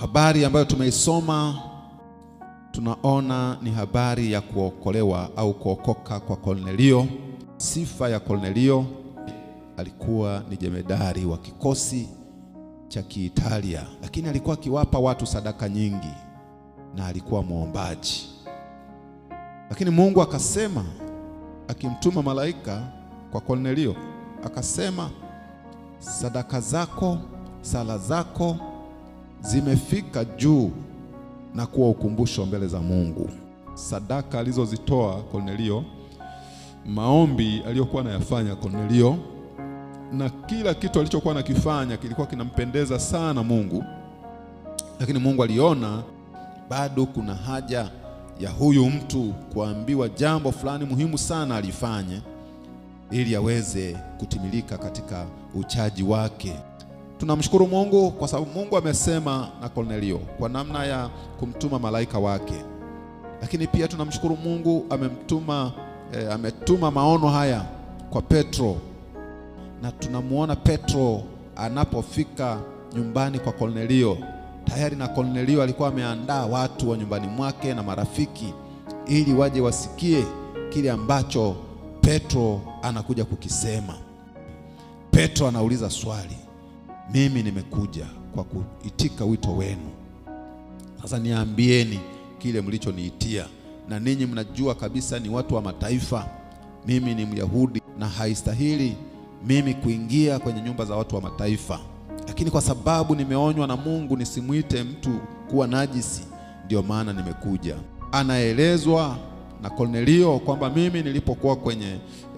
habari ambayo tumeisoma tunaona ni habari ya kuokolewa au kuokoka kwa Kornelio. Sifa ya Kornelio, alikuwa ni jemedari wa kikosi cha Kiitalia, lakini alikuwa akiwapa watu sadaka nyingi na alikuwa mwombaji. Lakini Mungu akasema, akimtuma malaika kwa Kornelio, akasema sadaka zako, sala zako zimefika juu na kuwa ukumbusho mbele za Mungu. Sadaka alizozitoa Kornelio, maombi aliyokuwa anayafanya Kornelio, na kila kitu alichokuwa anakifanya kilikuwa kinampendeza sana Mungu, lakini Mungu aliona bado kuna haja ya huyu mtu kuambiwa jambo fulani muhimu sana alifanye ili aweze kutimilika katika uchaji wake. Tunamshukuru Mungu kwa sababu Mungu amesema na Kornelio kwa namna ya kumtuma malaika wake, lakini pia tunamshukuru Mungu amemtuma, e, ametuma maono haya kwa Petro, na tunamwona Petro anapofika nyumbani kwa Kornelio tayari, na Kornelio alikuwa ameandaa watu wa nyumbani mwake na marafiki ili waje wasikie kile ambacho Petro anakuja kukisema. Petro anauliza swali mimi nimekuja kwa kuitika wito wenu. Sasa niambieni kile mlichoniitia, na ninyi mnajua kabisa ni watu wa mataifa, mimi ni Myahudi na haistahili mimi kuingia kwenye nyumba za watu wa mataifa, lakini kwa sababu nimeonywa na Mungu nisimwite mtu kuwa najisi, ndiyo maana nimekuja. Anaelezwa na Kornelio kwamba mimi nilipokuwa kwenye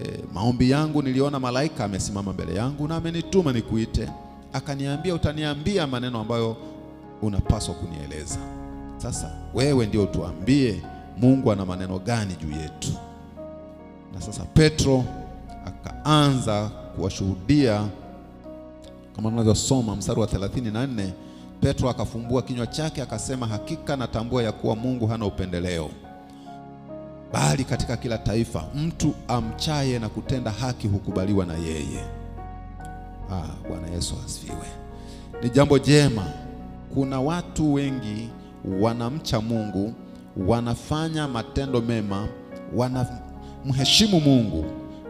e, maombi yangu niliona malaika amesimama mbele yangu na amenituma nikuite akaniambia, utaniambia maneno ambayo unapaswa kunieleza. Sasa wewe ndio tuambie Mungu ana maneno gani juu yetu. Na sasa Petro akaanza kuwashuhudia kama mnavyosoma mstari wa 34, Petro akafumbua kinywa chake akasema, hakika natambua ya kuwa Mungu hana upendeleo, bali katika kila taifa mtu amchaye na kutenda haki hukubaliwa na yeye. Ah, Bwana Yesu asifiwe. Ni jambo jema. Kuna watu wengi wanamcha Mungu, wanafanya matendo mema, wanamheshimu Mungu,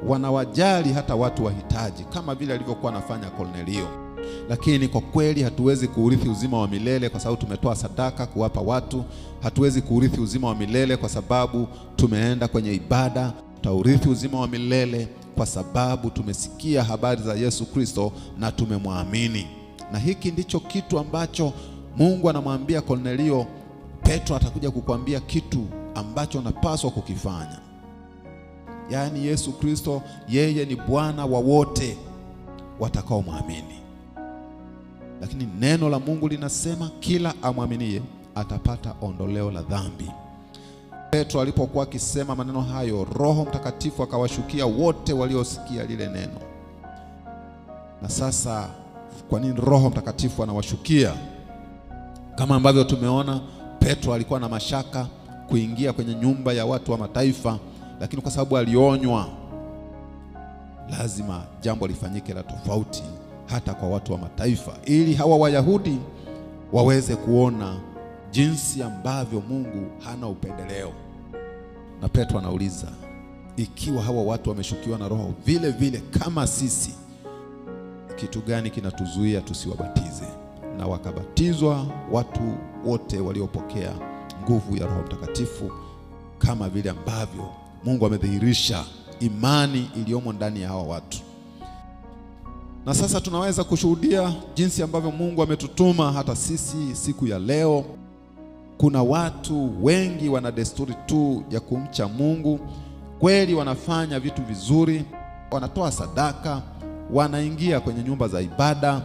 wanawajali hata watu wahitaji, kama vile alivyokuwa anafanya Kornelio. Lakini kwa kweli hatuwezi kuurithi uzima wa milele kwa sababu tumetoa sadaka kuwapa watu. Hatuwezi kuurithi uzima wa milele kwa sababu tumeenda kwenye ibada. Tutaurithi uzima wa milele kwa sababu tumesikia habari za Yesu Kristo na tumemwamini. Na hiki ndicho kitu ambacho Mungu anamwambia Kornelio. Petro atakuja kukwambia kitu ambacho unapaswa kukifanya. Yaani Yesu Kristo yeye ni Bwana wa wote watakaomwamini. Lakini neno la Mungu linasema kila amwaminie atapata ondoleo la dhambi. Petro alipokuwa akisema maneno hayo, Roho Mtakatifu akawashukia wote waliosikia lile neno. Na sasa, kwa nini Roho Mtakatifu anawashukia? Kama ambavyo tumeona, Petro alikuwa na mashaka kuingia kwenye nyumba ya watu wa mataifa, lakini kwa sababu alionywa, lazima jambo lifanyike la tofauti hata kwa watu wa mataifa, ili hawa Wayahudi waweze kuona jinsi ambavyo Mungu hana upendeleo. Na Petro anauliza ikiwa hawa watu wameshukiwa na Roho vile vile kama sisi, kitu gani kinatuzuia tusiwabatize? Na wakabatizwa watu wote waliopokea nguvu ya Roho Mtakatifu, kama vile ambavyo Mungu amedhihirisha imani iliyomo ndani ya hawa watu. Na sasa tunaweza kushuhudia jinsi ambavyo Mungu ametutuma hata sisi siku ya leo. Kuna watu wengi wana desturi tu ya kumcha Mungu kweli, wanafanya vitu vizuri, wanatoa sadaka, wanaingia kwenye nyumba za ibada,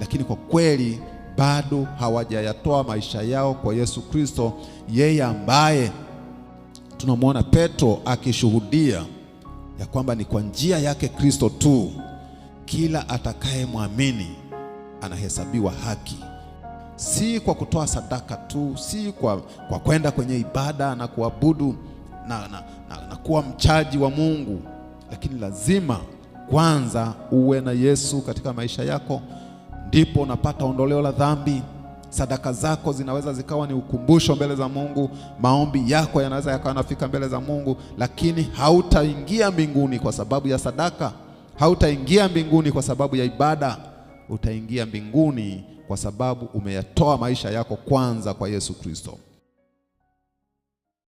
lakini kwa kweli bado hawajayatoa maisha yao kwa Yesu Kristo, yeye ambaye tunamwona Petro akishuhudia ya kwamba ni kwa njia yake Kristo tu kila atakayemwamini anahesabiwa haki si kwa kutoa sadaka tu, si kwa, kwa kwenda kwenye ibada na kuabudu na, na, na, na kuwa mchaji wa Mungu, lakini lazima kwanza uwe na Yesu katika maisha yako, ndipo unapata ondoleo la dhambi. Sadaka zako zinaweza zikawa ni ukumbusho mbele za Mungu, maombi yako yanaweza yakawa nafika mbele za Mungu, lakini hautaingia mbinguni kwa sababu ya sadaka, hautaingia mbinguni kwa sababu ya ibada, utaingia mbinguni kwa sababu umeyatoa maisha yako kwanza kwa Yesu Kristo.